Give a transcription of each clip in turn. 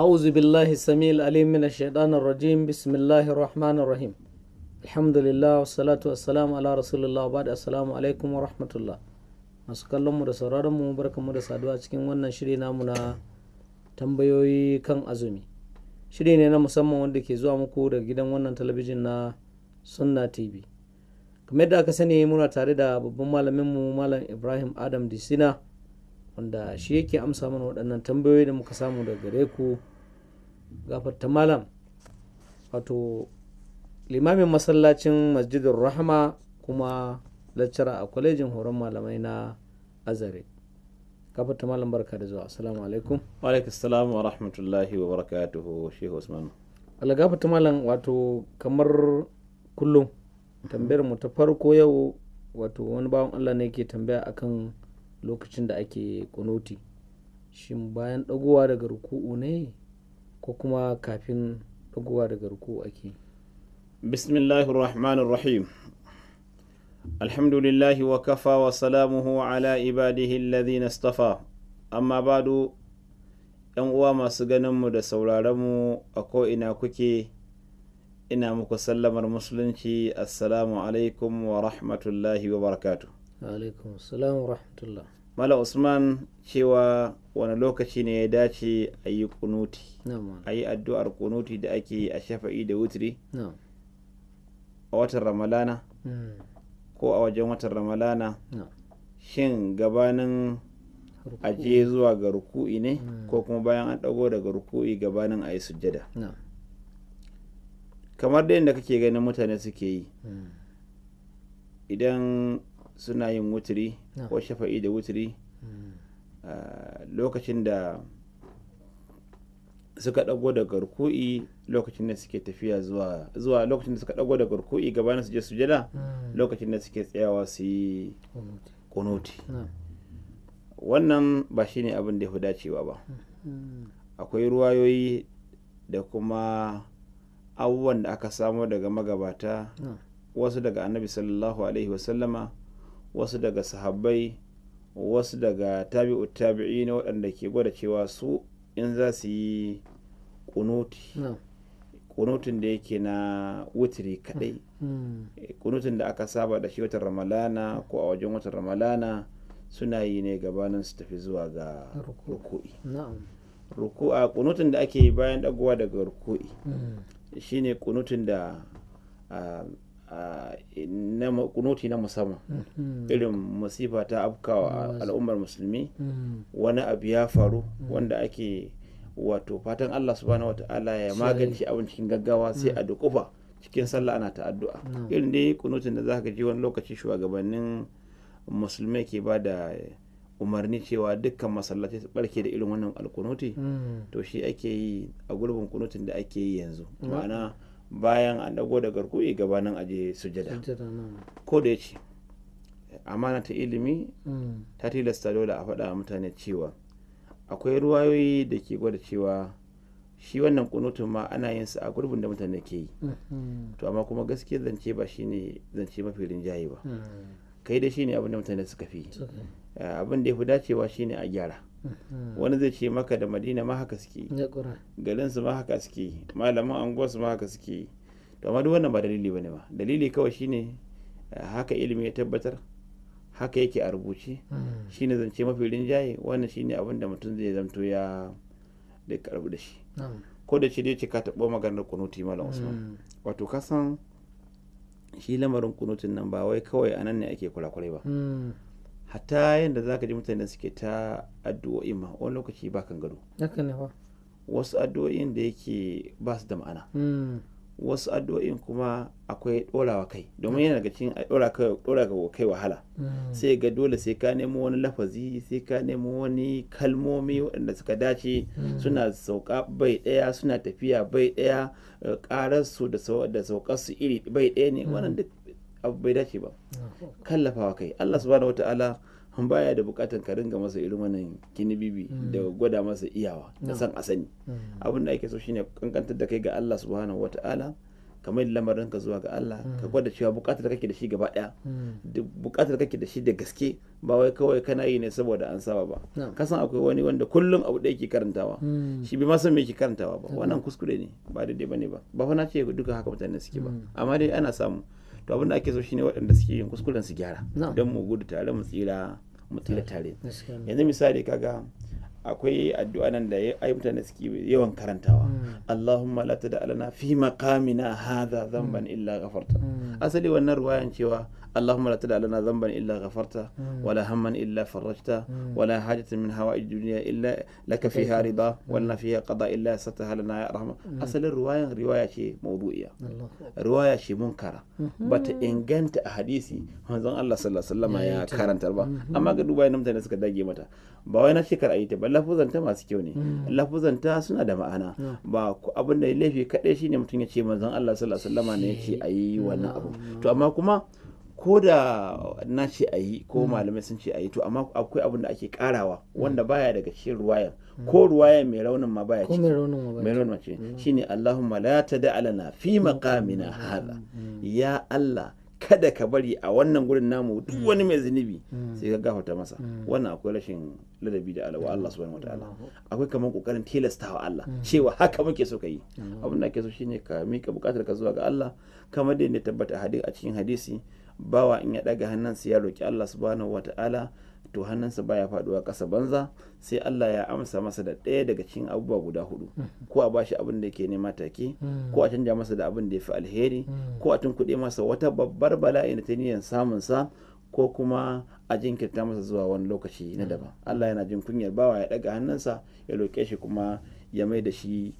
أعوذ بالله السميع العليم من الشيطان الرجيم بسم الله الرحمن الرحيم الحمد لله والصلاة والسلام على رسول الله بعد السلام عليكم ورحمة الله masu kallon mu da sauraron mu mu da saduwa cikin wannan shiri namu na tambayoyi kan azumi shiri ne na musamman wanda ke zuwa muku daga gidan wannan talabijin na sunna tv kamar yadda aka sani muna tare da babban malamin mu malam ibrahim adam disina wanda shi yake amsa mana waɗannan tambayoyi da muka samu daga gare ku gafarta malam wato limamin masallacin masjidin rahama kuma laccara a kwalejin horon malamai na azare gafarta malam barka da zuwa assalamu alaikum wa alaikum assalam wa rahmatullahi wa barakatuhu shehu usman Allah gafarta malam wato kamar kullum tambayar mu ta farko yau wato wani bawan Allah ne ke tambaya akan lokacin da ake kunuti shin bayan dagowa daga ruku'u ne ko kuma kafin dagowa daga ruku'u ake bismillahi rahmanir rahim alhamdulillahi wa kafa wa salamuhu ala ibadihi alladhina nastafa amma bado yan uwa masu ganinmu da sauraronmu a ko'ina kuke ina muku sallamar musulunci assalamu alaikum wa rahmatullahi wa barakatu alaikum wa rahmatullahi mala usman cewa wani lokaci ne ya dace a yi kunuti a yi addu'ar kunuti da ake a shafa'i da wutri a watan ramalana hmm. ko a wajen watan ramalana shin gabanin aje zuwa ga ruku'i ne hmm. ko kuma bayan an ɗago daga ruku'i gabanin a yi sujjada kamar da yadda kake ganin mutane suke yi hmm. idan suna yin wuturi ah. ko shafa'i da wuturi hmm. ah, lokacin da suka dago da garku'i lokacin da suke tafiya zuwa lokacin da suka dago da garku'i gabanin su je su jada hmm. lokacin da suke tsayawa su yi kunuti ah. wannan ba shi ne abin da ya fi dacewa ba hmm. akwai ruwayoyi da kuma abubuwan da aka samo daga magabata wasu daga annabi sallallahu alaihi wasallama wasu daga sahabbai wasu daga tabi'u tabi'i na waɗanda ke gwada cewa su in za su yi kunutun da yake na wutiri kaɗai hmm. kunutun da aka saba da shi watan ramalana ko a wajen watan ramalana suna yi ne gabanin su tafi zuwa ga ruku'i ruku'a kunutun da ake yi bayan daguwa daga ruku'i hmm. shine kunutun da ah, Ah, na kunuti na musamman mm-hmm. irin masifa ta afkawa mm-hmm. al'ummar musulmi mm-hmm. wani abu ya faru wanda ake wato fatan Allah subhanahu wata'ala ya magance abin cikin gaggawa sai a mm. dukufa cikin sallah ana ta addu'a irin dai kunutin da zaka ji wani lokaci shugabannin musulmai ke ba da umarni cewa dukkan masallaci su barke da irin wannan alkunuti mm. to shi ake yi a gurbin kunutin da ake yi yanzu mm. ma'ana bayan an dago da garkuwi gabanin aje sujada ko da yace amana ta ilimi mm. ta tilasta dole a faɗa mutane cewa akwai ruwayoyi da ke gwada cewa shi wannan kunutun ma ana yin sa a gurbin da mutane ke yi mm-hmm. to amma kuma gaskiya zance ba shine zance mafi rinjaye ba mm. kai da shine abin da mutane suka fi eh, abin da ya fi dacewa shine a gyara wani zai ce maka da madina ma haka suke garin su ma haka suke malaman anguwar su ma haka suke to amma duk wannan ba dalili bane ba dalili kawai shine eh, haka ilimi ya tabbatar haka yake a rubuce hmm. shine zance mafi rinjaye wannan shine abin da mutum zai zamto ya da karbu da shi ko da ce dai ce ka taɓo maganar kunuti malam usman hmm. wato ka san shi lamarin kunutun nan ba wai kawai a nan ne ake kurakurai ba hmm. Hata yadda za ka ji mutane suke ta addu'o'i ma wani lokaci ba kan gado wasu addu'o'in da yake ba su da ma'ana hmm. wasu addu'o'in kuma akwai ɗorawa kai domin yana daga cikin ɗora kai wahala hmm. sai ga dole sai ka nemo wani lafazi sai ka nemo wani kalmomi waɗanda suka dace hmm. suna sauka bai ɗaya suna tafiya bai ɗaya eh, ƙararsu da saukarsu iri bai ɗaya ne wannan duk abu bai dace ba kallafawa kai Allah subhanahu wataala baya da bukatan ka ringa masa irin wannan kinibibi mm. da gwada masa iyawa da mm. san asani mm. abin da ake so shine kankantar da kai ga Allah subhanahu wataala kamar lamarin ka zuwa ga Allah ka gwada cewa bukatar da kake da shi gaba daya duk bukatar da kake da shi da gaske ba wai kawai kana yi ne saboda an saba ba ka san akwai wani wanda kullum abu da yake karantawa shi bai ma san me yake karantawa ba wannan kuskure ne ba daidai bane ba ba fa na ce duka haka mutane suke ba amma dai ana samu to abin da ake so shine waɗanda suke yin kuskuren su gyara don mu gudu tare mu tsira mu tsira tare yanzu misali kaga akwai addu'a nan da ai mutane suke yawan karantawa hmm. Allahumma la tada alana fi maqamina hadha dhanban hmm. illa ghafarta hmm. asali wannan ruwayan cewa اللهم لا تدع لنا ذنبا إلا غفرته ولا هما إلا فرجته ولا حاجة من هوائج الدنيا إلا لك فيها رضا ولنا فيها قضاء إلا يسرتها لنا يا رحمة أصل الرواية رواية شيء موضوعية رواية شيء منكرة بات إنجنت أحاديثي هذا الله صلى الله عليه وسلم يا كارن تربا أما قد دوباي نمت نسك داجي متى باوي نشكر أيت بل لفظن تما سكيوني لفظن تا سنة دم أنا با أبن ليفي كأيشي نمتني شيء من الله صلى الله عليه وسلم ne yake a yi wannan abu to amma kuma ko da na ce a yi ko mm. malamai sun ce a yi to amma akwai abin da ake karawa mm. wanda baya daga cikin ruwayan mm. ko ruwayan mai raunin ma baya ce mai raunin ma ce shine Allahumma la tada alana fi maqamina hadha ya Allah kada ka bari a wannan gurin namu duk wani mai zunubi sai ka gafata masa wannan akwai rashin ladabi da alawa Allah subhanahu wataala akwai kamar kokarin tilastawa Allah cewa haka muke so ka yi abin da ake so shine ka mika bukatar ka zuwa ga Allah kamar da ne tabbata a cikin hadisi bawa in ya daga hannunsa ya roki Allah subhanahu wata'ala to hannunsa baya faduwa ƙasa banza sai Allah ya amsa masa da ɗaya daga cikin abubuwa guda hudu mm-hmm. ko a bashi abin da yake nema take mm-hmm. ko a canja masa da abin da ya fi alheri mm-hmm. ko a tunkuɗe masa wata babbar bala'i da ta niyyar samun sa ko kuma a jinkirta masa zuwa wani lokaci na daban Allah yana jin kunyar bawa ya ɗaga hannunsa ya roke shi kuma ya mai da shi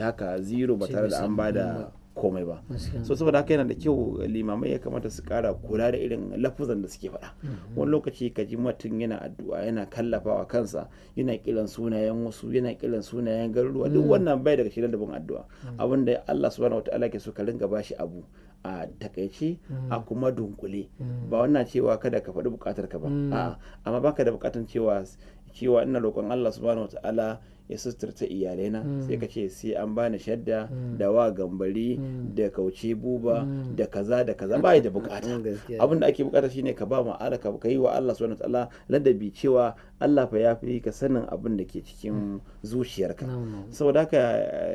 haka zero ba tare da an bada komai ba so saboda haka yana da kyau limamai ya kamata su kara kula da irin lafuzan da suke faɗa mm-hmm. wani lokaci ka ji mutum yana addu'a yana kallafawa kansa yana kiran sunayen wasu yana kiran sunayen garuruwa duk mm. wannan bai daga shirin dabin addu'a mm. abin da Allah subhanahu ta'ala ke so ka ringa bashi abu a takaice a mm. kuma dunkule ba wannan cewa kada ka faɗi bukatar ka ba a'a amma baka da bukatar cewa cewa ina roƙon Allah subhanahu ta'ala ya suturta iyalaina mm. sai ka ce sai an bani shadda mm. da wa gambari mm. da kauce buba da kaza da kaza ba da bukata abin da ake bukata shine ka ba alaka ka yi wa Allah subhanahu ta'ala ladabi cewa Allah fa ya fi ka sanin abin da ke cikin zuciyarka saboda haka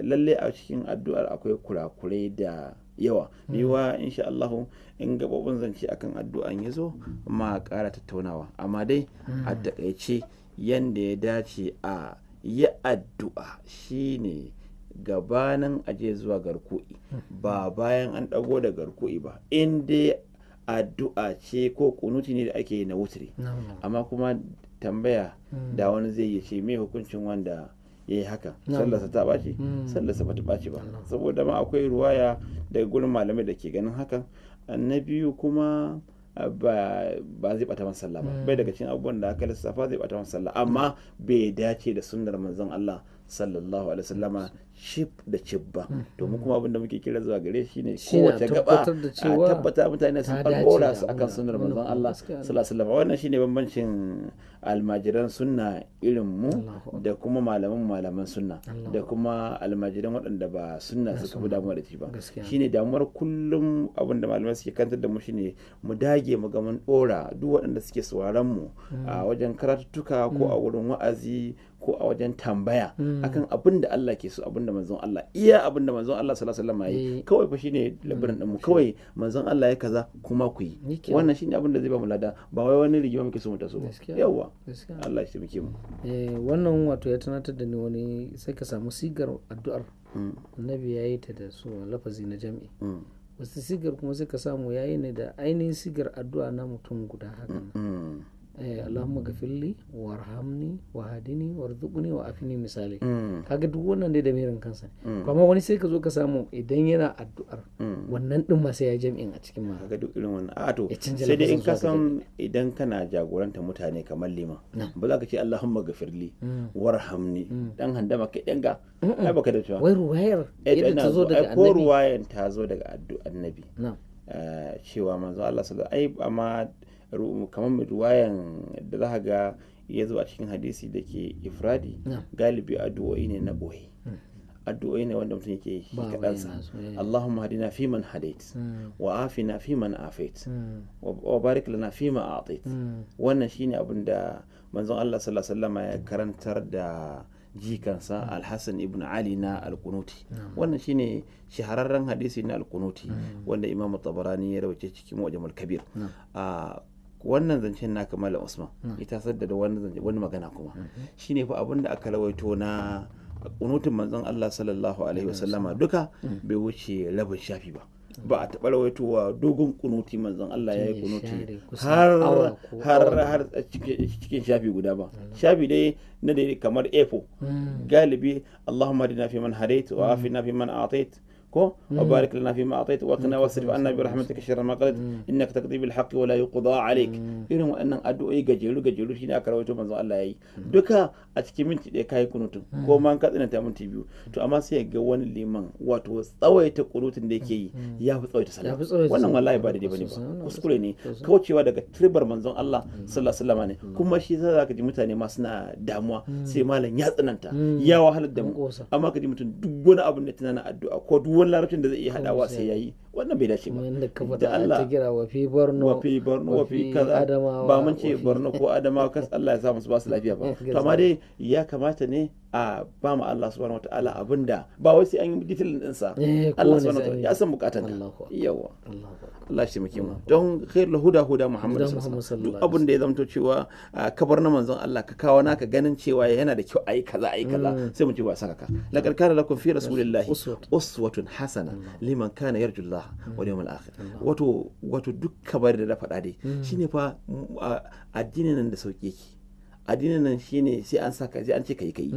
lalle a cikin addu'ar akwai kurakurai da yawa wa insha Allah in gabobin zance akan addu'an ya zo ma ƙara tattaunawa amma dai a takaice yanda ya dace a yi addu'a shine gabanin aje zuwa garku'i ba bayan an ɗago da garku'i ba inda dai addu'a ce ko kunuti ne da ake yi na wutri amma kuma tambaya hmm. da wani zai yi ce mai hukuncin wanda ya yi haka sallasa ta ɓaci hmm. sallasa ba ta ɓaci ba saboda ma akwai ruwaya daga gurin malamai da ke ganin hakan na biyu kuma ba zai bata masalla sallah ba bai hmm. daga cikin abubuwan da aka lissafa zai bata masalla sallah amma bai dace da sunnar manzon Allah sallallahu alaihi wasallama cib da cibba hmm. domin kuma abin da muke kira zuwa gare shi ne kowace gaba a tabbata mutane sun farkora su akan sunar manzon Allah sallallahu alaihi wasallam wannan shine bambancin almajiran sunna irin mu da kuma malaman malaman sunna da kuma almajiran waɗanda ba sunna suka damuwa da shi ba shine damuwar kullum abin da malamai suke kantar da mu shine mu dage mu ga mun dora duk waɗanda suke sauraron mu hmm. a wajen karatuttuka ko hmm. a wurin wa'azi ko a wajen tambaya hmm. akan abin da Allah ke so abin da manzon Allah iya abin da manzon Allah sallallahu alaihi wasallam yayi eh. kawai fa shine labirin din hmm. mu kawai manzon Allah ya kaza kuma ku yi wannan shine abin da zai ba mu lada ba wai wani rigima muke so mu taso so. yawa Allah ya taimake mu eh wannan wato ya tunatar da ni wani sai ka samu sigar addu'ar hmm. annabi yayi ta da su lafazi na jami'i wasu sigar kuma sai ka samu yayi ne da ainihin sigar addu'a na mutum guda haka Eh, Allahumma gafilli rahamni wa hadini wa afini misali mm. kaga duk wannan dai da mirin kansa ne kuma mm. wani sai ka zo ka samu idan yana addu'ar mm. wannan din ma sai ya jami'in a cikin ma kaga duk irin wannan a to sai dai in ka san idan kana jagoranta mutane kamar liman ba za ka ce Allahumma gafirli rahamni dan handama kai danga ai baka da cewa wai ruwayar eh, yadda ta zo daga annabi ko ruwayar ta zo daga addu'ar annabi cewa manzo Allah sallallahu alaihi wasallam ai amma kamar ruwayan da za ga ya zo a cikin hadisi da ke ifradi galibi addu'o'i ne na boye hmm. addu'o'i ne wanda mutum yake shi kaɗansa eh. Allahumma hadina fi man hadait hmm. wa afina fi man afait hmm. wa barik lana fi ma atait wannan shine abin da manzon Allah sallallahu alaihi wasallam ya karantar da jikansa alhassan ibn ali na alkunuti wannan shine shahararren hadisi na alkunuti wanda imam tabarani ya rawace cikin wajen kabir wannan zancen na kamala usman ita hmm. sadda da wani magana kuma hmm. shine fa abin da aka rawaito na kunutin manzon Allah sallallahu alaihi wasallama hmm. duka bai wuce rabin shafi ba ba a taɓa rawaitowa dogon kunuti manzon Allah ya yi kunuti har har cikin shafi guda ba shafi dai na dai kamar efo galibi Allahumma dina fi man hadait wa afina fi man atait Ko كو وبارك لنا فيما أعطيت وقنا واصرف عنا برحمتك شر ما قضيت إنك تقضي بالحق ولا يقضى عليك irin waɗannan addu'o'i gajeru gajeru shine aka rawaito manzon Allah yayi duka a cikin minti ɗaya kai kunutun ko man ka tsananta minti biyu to amma sai ga wani liman wato tsawaita kunutun da yake yi ya fi tsawaita sallah wannan wallahi ba daidai bane ba kuskure ne kaucewa daga tribar manzon Allah sallallahu alaihi wasallam ne kuma shi yasa zaka ji mutane ma suna damuwa sai malam ya tsananta ya wahalar da mu amma ka ji mutum duk wani abu da tunanin addu'a ko duk wani larabcin da zai iya haɗawa sai yi. wannan bai dace ba wanda ka Allah wafi wa fi Borno wa fi Borno wa fi kaza ba mun ce Borno ko Adamawa kas Allah ya sa musu ba su lafiya ba to amma dai ya kamata ne a ba mu Allah subhanahu wataala abinda ba wai sai an yi detail din sa eh, Allah subhanahu wataala ya san bukatan ka yawa Allah shi muke mu don khairul huda huda Muhammad sallallahu alaihi wasallam duk abin da ya zamto cewa kabar na manzon Allah ka kawo naka ganin cewa yana da kyau ayi kaza ayi kaza mm. sai mu ce ba saka ka laqad kana lakum fi rasulillahi uswatun hasana liman kana yarjullah Allah mm. wani yawmil akhir mm. wato duk kabar da na faɗa dai mm. ne fa addini nan da sauki yake addinin nan shi ne sai an saka sai an ce kai kai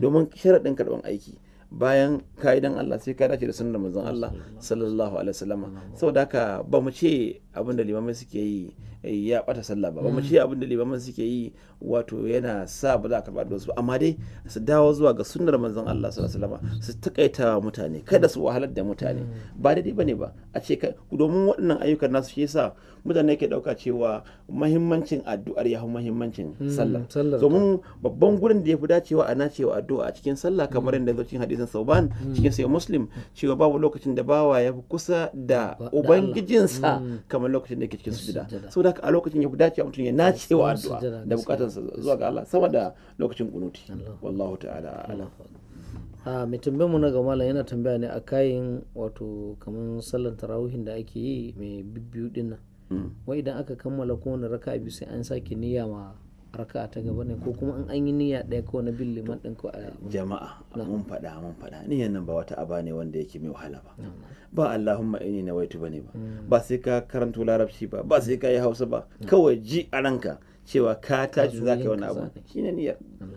domin sharaɗin karɓar aiki bayan ka'idan Allah sai ka dace da sunan manzon Allah sallallahu alaihi wasallam saboda haka ba mu ce abin da limamai suke yi eh, ya bata sallah ba ba mu ce abin da limamai suke yi wato yana sa ba za a karba da wasu amma dai su dawo zuwa ga sunnar manzon Allah sallallahu alaihi wasallam su takaita mutane kada su wahalar da mutane ba daidai bane ba a ce domin waɗannan ayyukan nasu shi yasa mutane ke dauka cewa mahimmancin addu'ar ya mahimmancin sallah hmm, domin babban gurin da ya fi dacewa ana cewa addu'a a cikin sallah kamar yadda zo cikin hadisin daga sauban hmm. cikin sai muslim cewa babu lokacin da bawa ya fi kusa da ubangijinsa hmm. kamar lokacin da yake cikin sujada saboda haka a lokacin ya fi dacewa mutum ya nace wa addu'a da bukatarsa zuwa ga Allah sama da lokacin kunuti wallahu ta'ala ala a ah, mai tambayar mu na ga malam yana tambaya ne a kayan wato kamar sallan tarawihin da ake yi mai bibbiyu dinnan wa hmm. wai idan aka kammala kowane raka'a biyu sai an sake niyya ma raka ta gaba ne ko kuma an yi niyya ɗaya ko na bin liman ɗin ko a jama'a mun faɗa mun faɗa niyyan nan ba wata aba ne wanda yake mai wahala ba ba allahumma inni nawaitu bane ba hmm. ba sai ka karanto larabci ba ba sai ka yi hausa ba kawai ji a ranka cewa ka tashi za ka yi wani abu shine niyyar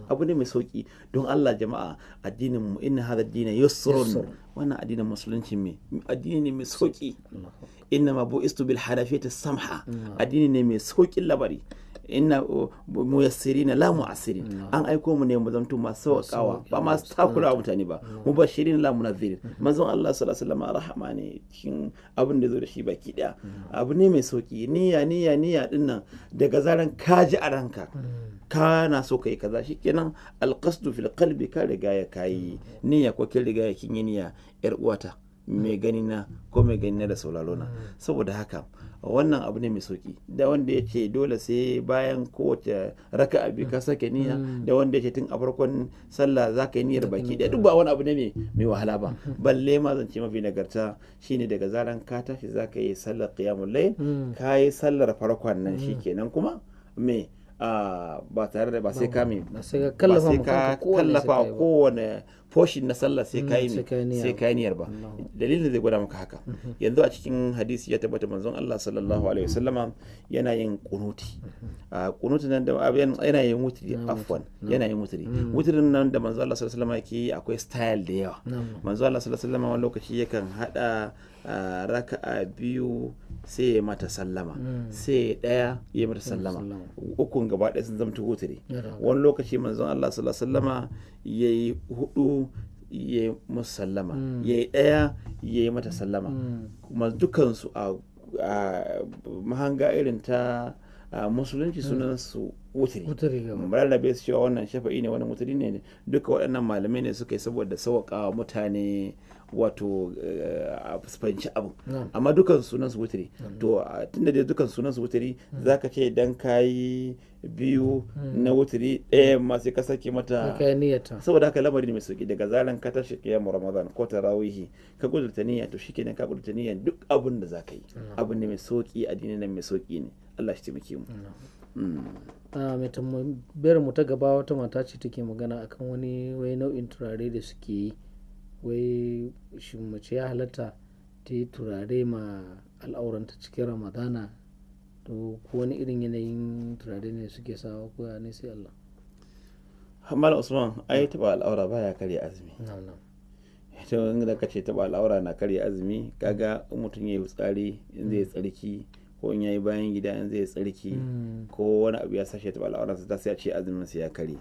abu ne mai sauki don Allah jama'a addinin mu inna hadha ad-din yusrun wannan addinin musulunci mai addini ne mai sauki inna ma bu'istu bil hanafiyati samha addini ne mai saukin labari inna uh, na la mu'assirin an aiko mu ne mu zamto masu sauƙawa ba masu takura mm. mutane ba mu bashirin la munazzirin mm-hmm. manzon Allah sallallahu alaihi wasallam rahama ne cikin abin da zo da shi baki daya mm-hmm. abu ne mai sauki niyya niyya niyya dinnan daga zaran ka ji a ranka mm-hmm. kana so kai kaza shikenan alqasdu fil qalbi ka riga ya kai niyya ko kin riga ya kin yi niyya yar uwata mai gani na ko mai gani na da sauraro na mm. saboda haka wannan abu ne mai sauki da wanda ya ce dole sai bayan kowace raka abi ka sake niyya mm. da wanda ya ce tun a farkon sallah za ka yi niyyar baki da duk ba wani abu ne mai wahala ba balle ma zance mafi nagarta shine daga zaran ka tashi za ka yi sallar qiyamul layl mm. ka yi sallar farkon nan kenan kuma me Ah, ba tare da ba sai kami ba sai ka kallafa kowane foshin na sallah sai ka yi mm, sai niyar ba dalilin da zai gwada maka haka mm-hmm. yanzu a cikin hadisi ya tabbata manzon Allah sallallahu alaihi wasallama yana yin kunuti mm-hmm. ah, kunuti nan da yana yin wutri afwan yana yin wutri wutrin mm. nan da manzon Allah sallallahu alaihi wasallama yake yi akwai style da yawa manzon Allah sallallahu alaihi wasallama wani lokaci yakan hada ah, raka'a biyu sai ya mata sallama mm. sai ya ɗaya ya mata sallama ukun gaba ɗaya sun zama ta ne wani lokaci manzon Allah sallallahu alaihi wasallama yayi hudu ya musu sallama mm. yayi ɗaya yi mata sallama mm. kuma dukansu a mahanga irin ta musulunci sunan su wutiri rarrabe su cewa wannan shafa'i ne wannan wuturi ne duka waɗannan malamai ne suka yi saboda sauƙaƙa mutane wato eh, spanci abu amma dukan sunan su wuturi to tunda dai dukan sunan su hmm. za ka ce ka kayi biyu hmm. na wuturi ɗaya ma sai ka sake mata saboda haka lamari ne mai sauki daga zaran ka tashi kiyamu ramadan ko ta rawihi ka gudurta niyya to kenan ka gudurta niyya duk abin da ka yi abin ne mai sauki addini nan mai sauki ne Allah shi taimake mu hmm. ah, mai tambayar mu ta gaba wata mata ce take magana akan wani wai nau'in turare da suke yi wai shin mace ya halatta ta yi turare ma al'auranta cikin ramadana to ko wani irin yanayin turare ne suke sawa ko ya ne sai Allah Hamal Usman ai taba al'aura baya karya azumi to in da kace taba al'aura na karya azumi kaga in mutum yayi tsari in zai mm. tsarki ko in yayi bayan gida in zai tsarki mm. ko wani abu ya sashe taba al'aura ta sai a ce azumin sa ya karye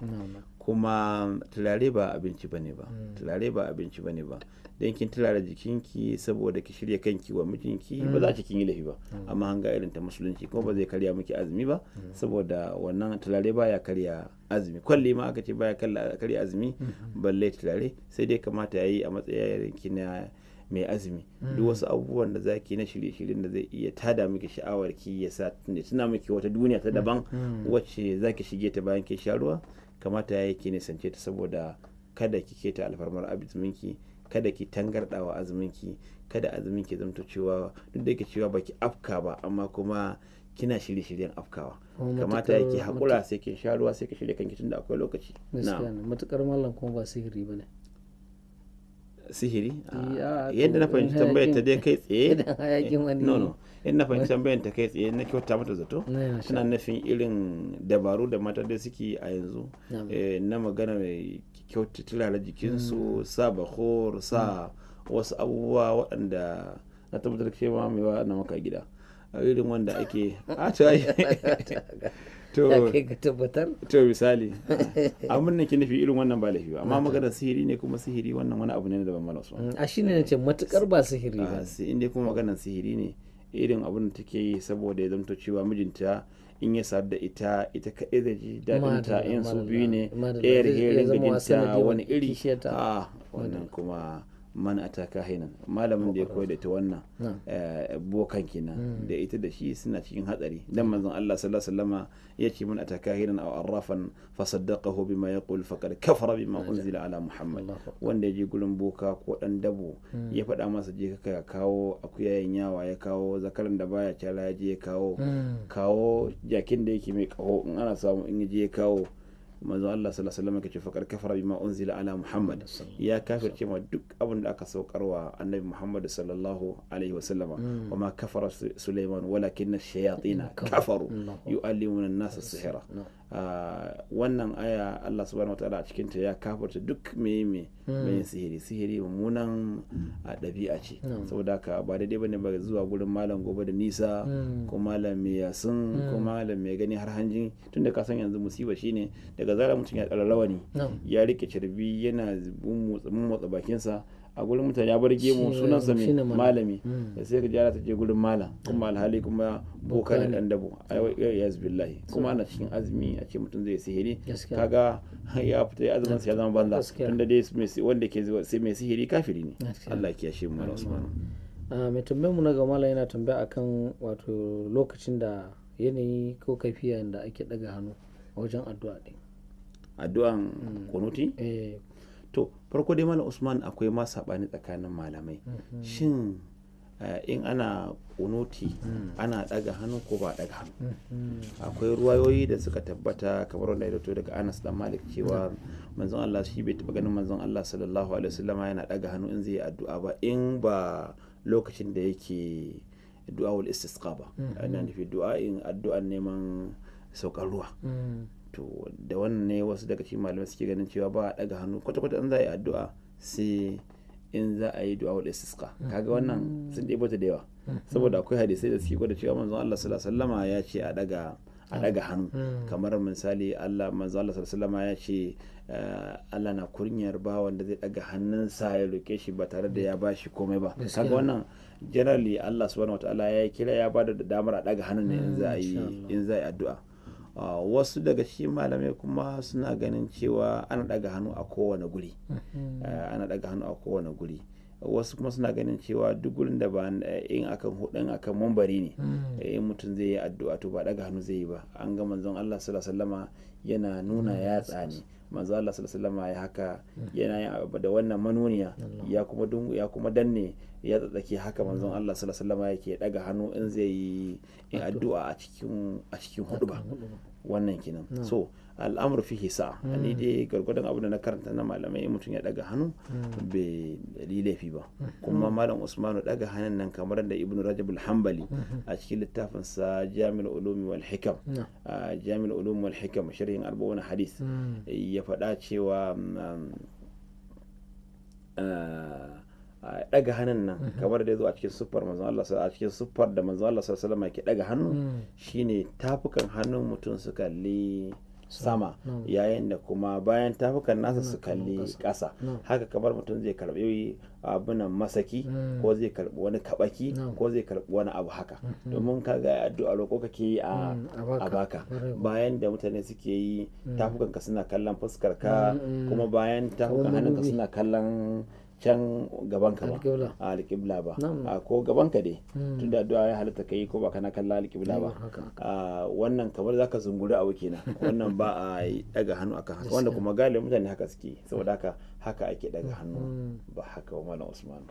kuma tulare ba abinci bane ba mm. tulare ba abinci bane ba dan kin tulare jikinki saboda ki shirya kanki wa mijinki ba mm. za ki kin yi lafi ba mm. amma hanga irin ta musulunci kuma ba zai karya miki azumi ba saboda wannan tulare baya karya azumi kwalli ma aka ce baya karya azumi balle tulare sai dai kamata yayi a matsayin ki na mai azumi duk wasu abubuwan da zaki na shirye-shiryen da zai iya tada miki sha'awar ki ya sa tuna miki wata duniya ta daban wacce zaki shige ta bayan ki sharuwa. ruwa kamata ya yi yake nisance ta saboda kada ki keta alfarmar azuminki kada ki tangardawa wa azuminki kada azuminki zamto cewa duk da yake cewa baki afka ba amma kuma kina shirye-shiryen afkawa kamata ya ki hakura sai ki sha ruwa sai ki shirye kanki da akwai lokaci na matukar mallam kuma ba sihiri ne. sihiri ah, yadda na fahimci tambayar ta dai kai tsaye no no na fahimci tambayar ta kai tsaye na kyauta mata zato tana nufin irin dabaru da mata da suke a yanzu eh, na magana mai kyauta turare jikinsu mm. sa bakor sa wasu abubuwa waɗanda na tabbatar cewa mai wa na maka gida irin wanda ake a to ka tabbatar to misali abin da ke nufi irin wannan ba laifi ba amma magana sihiri ne kuma sihiri wannan wani abu ne da ban mana so mm, a shine na ce matukar ba sihiri ba ah, in inda kuma magana sihiri ne irin abin da take yi saboda ya zanto cewa mijinta in ya sadu da ita ita kaɗai da ji daɗinta ta in su biyu ne ɗaya da herin gajinta wani iri a ah, wannan mm. kuma man ataka hainan malamin da ya koyar da ta wannan eh, bokan kenan hmm. da ita da shi suna cikin hatsari dan manzon Allah sallallahu alaihi wasallama yace a ataka hainan aw arrafan fa saddaqahu bima yaqul faqad kafara bima unzila ala muhammad wanda ji gurin boka ko dan dabo hmm. ya faɗa masa je ka kawo akuyayen yawa ya kawo zakaran da baya cala ya je ya kawo hmm. kawo jakin da yake mai kaho in ana samu in je ya kawo manzon Allah sallallahu alaihi wasallam yake fa kafara bima unzila ala Muhammad ya kafirce ma duk abin da aka saukarwa annabi Muhammad sallallahu alaihi wasallam wa ma kafara Sulaiman walakin ash-shayatin kafaru yu'allimuna an-nasa sihra Ah, wannan aya Allah subhanahu wa ta'ala a cikin ta ya kafarta duk mai mai mai sihiri sihiri mummunan ah, ɗabi'a ce hmm. saboda haka ba daidai bane ba zuwa gurin malam gobe da nisa hmm. ko malam mai yasin ko hmm. malam mai gani har hanji. tunda ka san yanzu musiba shine daga zara mutum ya ƙara rawani ya rike cirbi yana mummotsa bakinsa a gurin mutane ya bar gemu sunansa mai malami mm. da sai ka jara ta je gurin malam mm. kuma alhali kuma boka na dan dabo ayyaz billahi kuma ana cikin azumi a ce mutum zai sihiri kaga ya fita ya azumin sa ya zama banza tunda dai wanda ke sai mai sihiri kafiri ne Allah ya kiyashe mu Usman ah, mai tambayar mu na ga malam yana tambaya akan wato lokacin da yanayi ko kaifiya da ake daga hannu wajen addu'a din addu'an mm. kunuti eh to farko dai mana usman akwai ma saɓani tsakanin malamai mhm. shin eh, in ana kunuti mhm. ana daga hannu ko ba daga hannu mhm. akwai ruwayoyi da suka tabbata kamar wanda ya daga anas dan malik cewa manzon allah shi bai taɓa ganin manzon allah sallallahu alaihi wasallama yana daga hannu in zai yi addu'a ba in ba lokacin da yake du'a wal istisqa ba ana nufi du'a in addu'an neman saukar ruwa to da wannan ne wasu daga cikin malamai suke ganin cewa ba a daga hannu kwata-kwata in za a yi addu'a sai in za a yi du'a da siska mm. kaga wannan sun ɗebo ta da yawa mm. saboda akwai hadisai da suke gwada cewa manzon Allah sallallahu alaihi wasallama ya ce a daga a daga hannu mm. kamar misali Allah manzo Allah sallallahu alaihi ya ce eh, Allah na kunyar ba wanda zai daga sa ya roke shi ba tare da ya bashi komai ba kaga wannan generally Allah subhanahu ta'ala ya kira ya bada damar a daga hannun ne in za a yi in za a yi addu'a Ah, wasu daga cikin malamai kuma suna ganin cewa ana daga hannu a kowane guri mm-hmm. eh, ana daga hannu a kowane guri wasu kuma suna ganin cewa duk gurin da ba in akan hudun akan mambari ne mm. eh, in mutum zai yi addu'a to ba daga hannu zai yi ba an ga manzon Allah sallallahu alaihi wasallama yana nuna mm. yatsa ne manzo Allah sallallahu ya haka hmm. yana yin abu da wannan manuniya ya kuma ya kuma danne ya tsatsake haka manzon hmm. Allah sallallahu alaihi yake daga hannu in zai yi addu'a a cikin a hudu ba wannan kinan hmm. so al'amur fihi sa hmm. ni dai gargwadon abu da na karanta na malamai in mutum ya daga hannu hmm. bai yi laifi ba hmm. kuma malam usmanu daga hannun nan kamar da ibnu rajab al-hanbali a cikin littafin sa jami'ul ulumi wal hikam jami'ul ulumi wal hikam sharhin arba'un hadis ya faɗa cewa daga um, um, hannun nan kamar da ya zo a cikin siffar manzon Allah a cikin siffar da manzon Allah sallallahu alaihi wasallam ke daga hannu shine tafukan hannun mutum su kalli sama yayin da kuma bayan tafukan nasa su kalli kasa haka kamar mutum zai karbi abunan masaki mm. ko zai karbi wani kabaki ko zai karbi wani abu haka domin kaga addu'a roƙo kake yi a mm, baka bayan da mutane suke yi mm. tafukan ka suna kallon fuskar ka kuma bayan tafukan hannun suna kallon can ka ba alƙibla ah, ba a ah, ko gabanka dai hmm. tun da addu'a ya halatta kai ko ba kana kalla alƙibla ba a ah, wannan kamar zaka zunguri abu kenan wannan ba a daga hannu a haka wanda kuma galibin mutane haka suke saboda haka haka ake daga hannu hmm. ba haka wa malam usman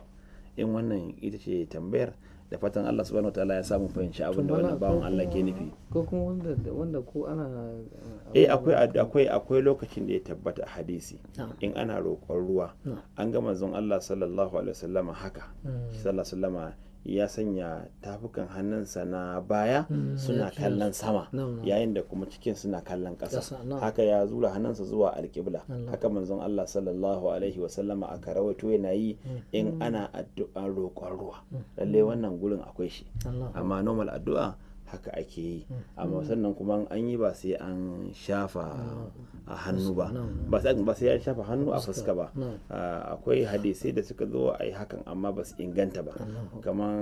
in wannan ita ce tambayar da fatan Allah subhanahu wataala ya samu fahimci abin da wannan bawan Allah ke nufi ko kuma wanda wanda ko ana eh akwai akwai akwai lokacin da ya tabbata a hadisi in ana roƙon ruwa an ga manzon Allah sallallahu alaihi wasallama haka mm. sallallahu alaihi wasallama ya sanya tafukan hannunsa na baya mm, suna kallon sama yayin da kuma cikin suna kallon ƙasa haka ya zura hannunsa zuwa alkibla haka manzon Allah sallallahu alaihi wa sallama aka rawaito yana yi mm, in mm. ana addu'a roƙon ruwa lallai wannan gurin akwai shi amma normal addu'a haka ake yi hmm. amma hmm. sannan kuma an yi ba sai an shafa hmm. a hannu ba ba sai an shafa hannu a fuska ba ah, akwai hadisai da suka zo a yi hakan amma ba su inganta ba kamar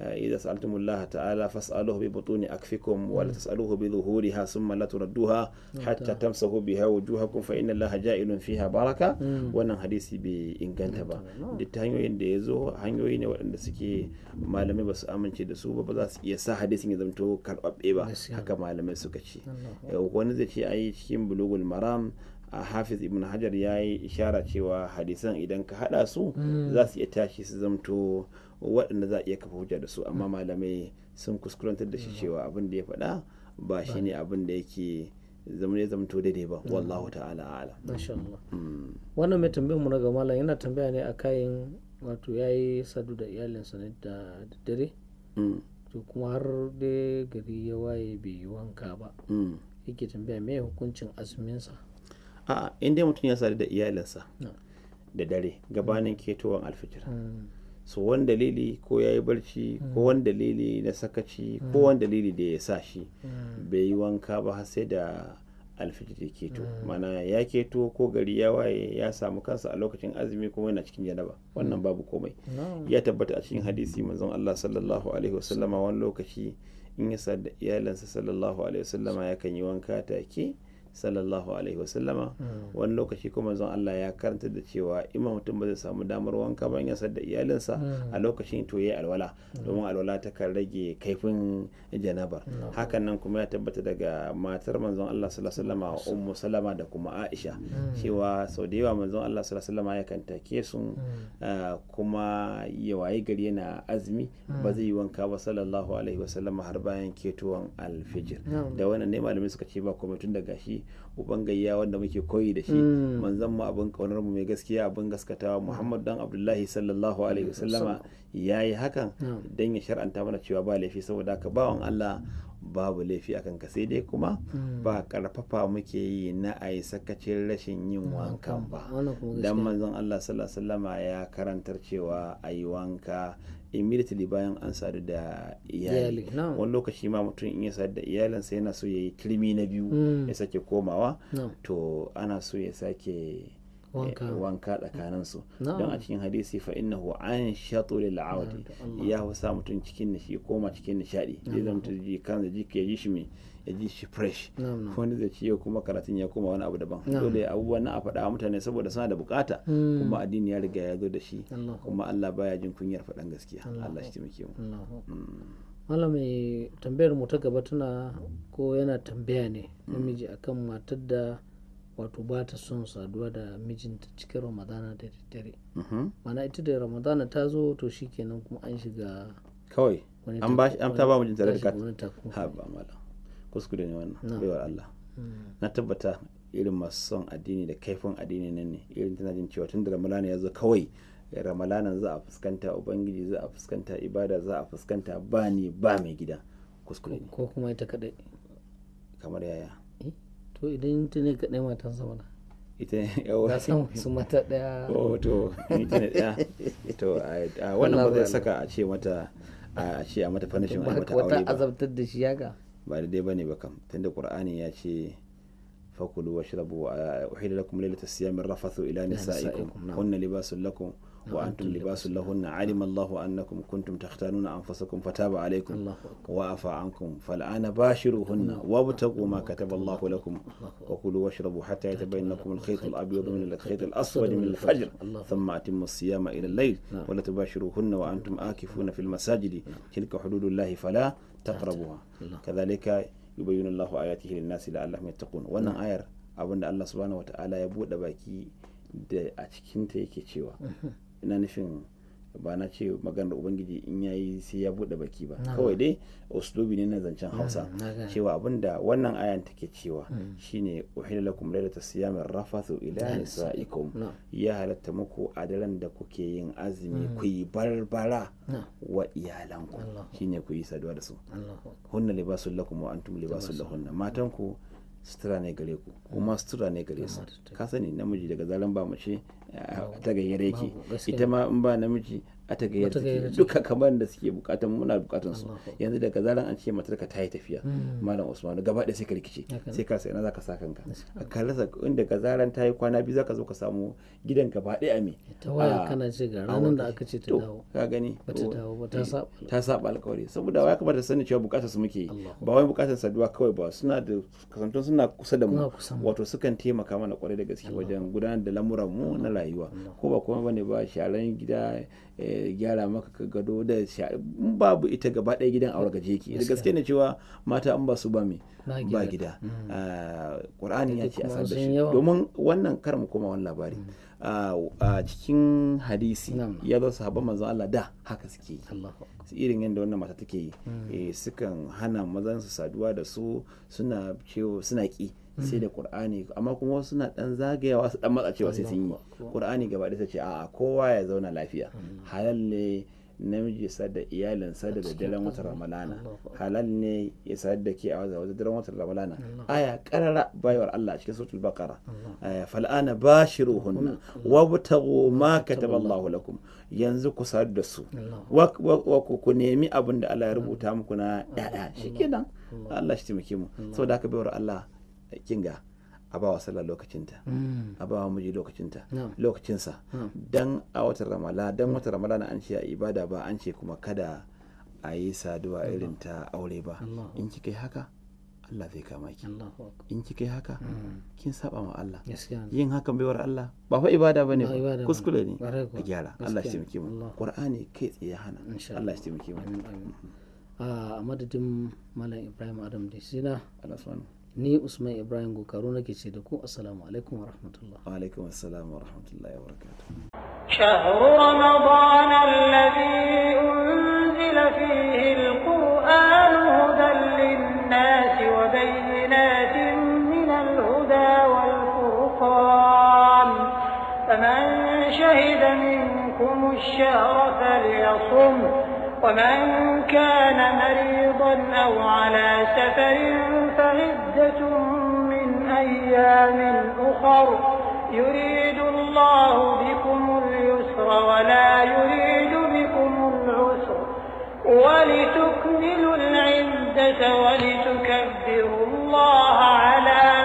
إذا سألتم الله تعالى فاسألوه ببطون أكفكم ولا تسألوه بظهورها ta لا تردوها حتى تمسكوا بها وجوهكم فإن الله جائل فيها بركة wannan hadisi bai inganta ba duk ta hanyoyin da ya zo hanyoyi ne waɗanda suke malamai ba su amince da su ba ba za su iya sa hadisin ya zamto karɓaɓɓe ba haka malamai suka ce eh, wani zai ce ayi cikin bulugul maram a hafiz ibn hajar ya yi ishara cewa hadisan idan ka haɗa su mm. za su iya tashi su zamto waɗanda za a iya kafa hujja da su amma mm. malamai sun kuskurantar da shi mm. cewa abin da ya faɗa ba shi ne abin da yake zama ya zamto daidai ba mm. wallahu ta'ala ala wannan mai tambayar mu na ga malam yana tambaya ne a kayan wato yi sadu da iyalinsa ne da dare to kuma har dai gari ya waye bai yi wanka ba yake tambaya me hukuncin azuminsa a'a in dai mutum ya sadu da iyalinsa da dare gabanin ketowar alfitar so wani dalili ko ya yi barci ko mm. wani dalili na sakaci ko mm. wani dalili da ya sa shi mm. bai yi wanka ba har sai da alfijir ya keto mana ya keto ko gari ya waye ya samu kansa a lokacin azumi kuma yana cikin janaba wannan babu komai ya tabbata a cikin hadisi manzon Allah sallallahu alaihi wasallama wani lokaci in ya sa da iyalansa sallallahu alaihi wasallama yakan yi wanka take sallallahu alaihi wasallama hmm. wani lokaci kuma zan Allah ya karanta da cewa imam mutum ba zai samu damar wanka ba ya da iyalinsa hmm. a lokacin to yayi alwala hmm. domin alwala ta kan rage kaifin janabar hakan nan kuma ya tabbata daga matar manzon Allah sallallahu alaihi wasallama ummu salama da kuma Aisha cewa sau da yawa manzon Allah sallallahu alaihi wasallama ya take su ah, kuma ya waye gari yana azumi ba zai yi wanka ba sallallahu alaihi wasallama har bayan ketuwan alfijir da wannan ne malamai suka ce ba kuma tun daga shi shi uban wanda muke koyi da shi mm. manzon mu abin kaunar mu mai gaskiya abin gaskatawa Muhammad dan Abdullahi sallallahu alaihi wasallama yayi hakan mm. dan ya shar'anta mana cewa ba laifi saboda haka bawan Allah babu laifi akan ka sai dai kuma mm. ba karfafa muke yi na ayi sakace sakacin rashin yin wanka ba dan manzon Allah sallallahu alaihi wasallama ya karantar cewa ayi wanka immediately bayan an sadu da iyali wani lokaci ma mutum in ya sadu da iyalin sai yana so ya yi turmi na biyu mm. ya sake komawa to ana so ya sake eh, wanka tsakanin su don a cikin hadisi fa inna hu an shatu lil awdi ya wasa mutum cikin nishi koma cikin nishadi zai zama ji kan ji ke ji shi mai ya ji shi fresh wani zai ce yau kuma karatun ya koma wani abu daban dole abubuwan na a faɗa mutane saboda suna da bukata hmm. kuma addini ya riga ya zo da shi kuma Allah baya jin kunyar faɗan gaskiya Allah shi taimake mu hmm. mai tambayar mu ta gaba tana ko yana tambaya ne hmm. namiji akan matar da wato ba ta son saduwa da mijinta cikin ramadana da daddare mana mhm. ita da ramadana ta zo to shikenan kuma an shiga kawai an ta ba mijinta da ha ba malam kuskure ne wannan baiwar Allah mm. na tabbata irin masu son addini da kaifin addini nan ne irin tana jin cewa tun da ramalana ya zo kawai ramalana za a fuskanta ubangiji za a fuskanta ibada za a fuskanta ba ne ba mai gida kuskure ne ko kuma ita kadai kamar yaya eh, to idan ita ne kadai matan zamana ita yawa ta san su mata daya oh to ita ne daya to a wannan ba zai saka a ce mata a ce a mata fanishin a mata aure ba wata azabtar da shi ba daidai ba ne ba kam tunda qur'ani ya ce fakulu washrabu uhilla lakum laylata siyami rafathu ila nisaikum hunna libasun lakum wa libasu libasul lahunna alima Allahu annakum kuntum takhtanuna anfusakum fataba alaykum wa afa ankum fal'ana bashiruhunna wabtaqu ma kataba Allahu lakum wa kulu washrabu hatta yatabayyana lakum al-khayt al-abyad min al-khayt al-aswad min al-fajr thumma atimmu as-siyama ila al-layl wa la tubashiruhunna wa antum akifuna fil masajidi tilka hududullahi fala taqrabuha kadhalika yubayyinu Allahu ayatihi lin-nasi la'allahum yattaqun wannan ayar da Allah subhanahu wata'ala ya bude baki da a cikinta yake cewa ina nufin ba na ce maganar ubangiji in ya yi sai ya bude baki ba kawai dai uslubi ne na zancen hausa cewa abinda wannan ayan take cewa hmm. shine uhilla lakum lailata siyamin rafathu ila nisaikum ya halatta muku adalan da kuke yin azumi hmm. ku yi barbara wa iyalanku shine ku yi saduwa da su hunna libasul lakum wa antum libasul lahunna matan ku sutura ne gare ku kuma sutura ne gare su ka sani namiji daga zaran ba mace ta gayyare ki ita ma in ba namiji a ta gayyar duka kamar da suke bukatan muna bukatan su yanzu daga zaran an ce matar ka tayi tafiya hmm. malam usmanu gaba da sai ka rikice sai ka sai na zaka sa kanka a kallasa inda daga zaran tayi kwana biyu zaka zo ka samu gidan gaba ɗaya me ta waya kana ce ga ranar da aka ce ta dawo ka gani ta dawo eh, saba alkawari saboda alƙawari saboda ya kamata sani cewa bukatar su muke ba wai bukatar saduwa kawai ba suna da kasantun suna kusa da mu wato sukan taimaka mana kwarai da gaske wajen gudanar da lamuran mu na rayuwa ko ba kuma bane ba sharan gida Eh, gyara maka ka gado da babu ita gaba ɗaya gidan a gaje yake da gaske ne cewa mata an ba su ba me ba gida ƙur'ani mm. ah, ya ce a san da shi domin wannan kar mu koma wani labari mm. ah, a cikin hadisi ya zo sahabban manzon Allah da haka suke yi irin yadda wannan mata take yi mm. eh, sukan hana mazan su saduwa da su suna cewa suna ki Mm. sai da qur'ani amma kuma wasu suna ɗan zagayawa wasu dan matsa cewa sai sun yi qur'ani gaba da ce a'a kowa ya zauna lafiya mm. halal ne namiji ya da iyalinsa da daddaren wata ramalana halal ne ya sa da ke a wajen wajen daren wata ramalana aya karara bayar Allah a cikin suratul baqara fal'ana bashiruhunna wabtaghu ma kataballahu lakum yanzu ku sa da su wa ku nemi abin da Allah ya rubuta muku na ya'ya shikenan Allah shi taimake mu saboda haka Allah kinga a bawa sallah lokacinta mm. a bawa miji lokacinta lokacinsa dan a watan ramala dan watan ramala an ce a ibada ba an ce kuma kada a yi saduwa irin ta aure ba in kika yi haka Allah zai kama ki in kika yi haka mm. kin saba ma Allah yin hakan baiwar Allah ba fa ibada bane ba kuskure ne a gyara Allah shi taimake mu Qur'ani kai tsaye hana Allah shi taimake mu ah, a madadin Malam Ibrahim Adam Disina Allah subhanahu ني اسماء ابراهيم كارونا كيتشي دكو السلام عليكم ورحمة الله وعليكم السلام ورحمة الله وبركاته شهر رمضان الذي أنزل فيه القرآن هدى للناس وبينات من الهدى والفرقان فمن شهد منكم الشهر فليصم ومن كان مريضا أو على سفر فعدة من أيام أخر يريد الله بكم اليسر ولا يريد بكم العسر ولتكملوا العدة ولتكبروا الله على